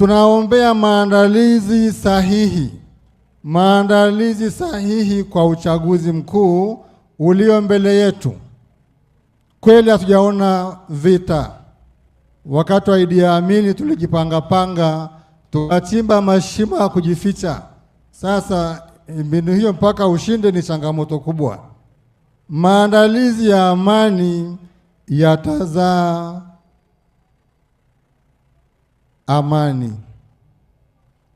Tunaombea maandalizi sahihi, maandalizi sahihi kwa uchaguzi mkuu ulio mbele yetu. Kweli hatujaona vita. Wakati wa Idi Amin tulijipangapanga, tukachimba mashimo ya kujificha. Sasa mbinu hiyo mpaka ushinde ni changamoto kubwa. Maandalizi ya amani yatazaa amani.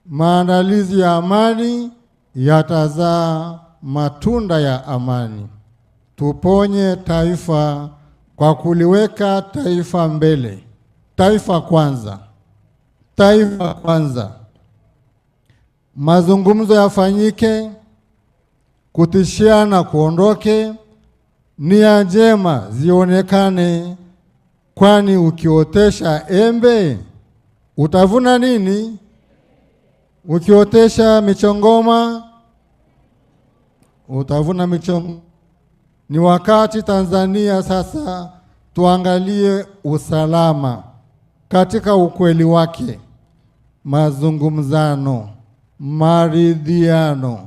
Maandalizi ya amani yatazaa matunda ya amani. Tuponye taifa kwa kuliweka taifa mbele, taifa kwanza, taifa kwanza. Mazungumzo yafanyike, kutishiana kuondoke, nia njema zionekane, kwani ukiotesha embe Utavuna nini ukiotesha michongoma? Utavuna michongoma. Ni wakati Tanzania sasa tuangalie usalama katika ukweli wake, mazungumzano, maridhiano,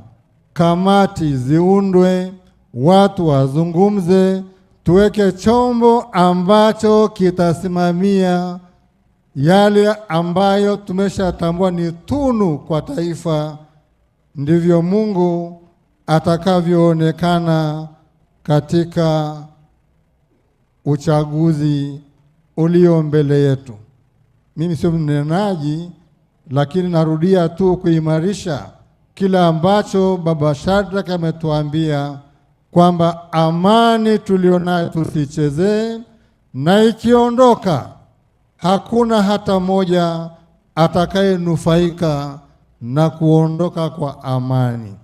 kamati ziundwe, watu wazungumze, tuweke chombo ambacho kitasimamia yale ambayo tumeshatambua ni tunu kwa taifa, ndivyo Mungu atakavyoonekana katika uchaguzi ulio mbele yetu. Mimi sio mnenaji, lakini narudia tu kuimarisha kila ambacho Baba Shadrack ametuambia kwamba amani tulionayo tusichezee, na ikiondoka hakuna hata mmoja atakayenufaika na kuondoka kwa amani.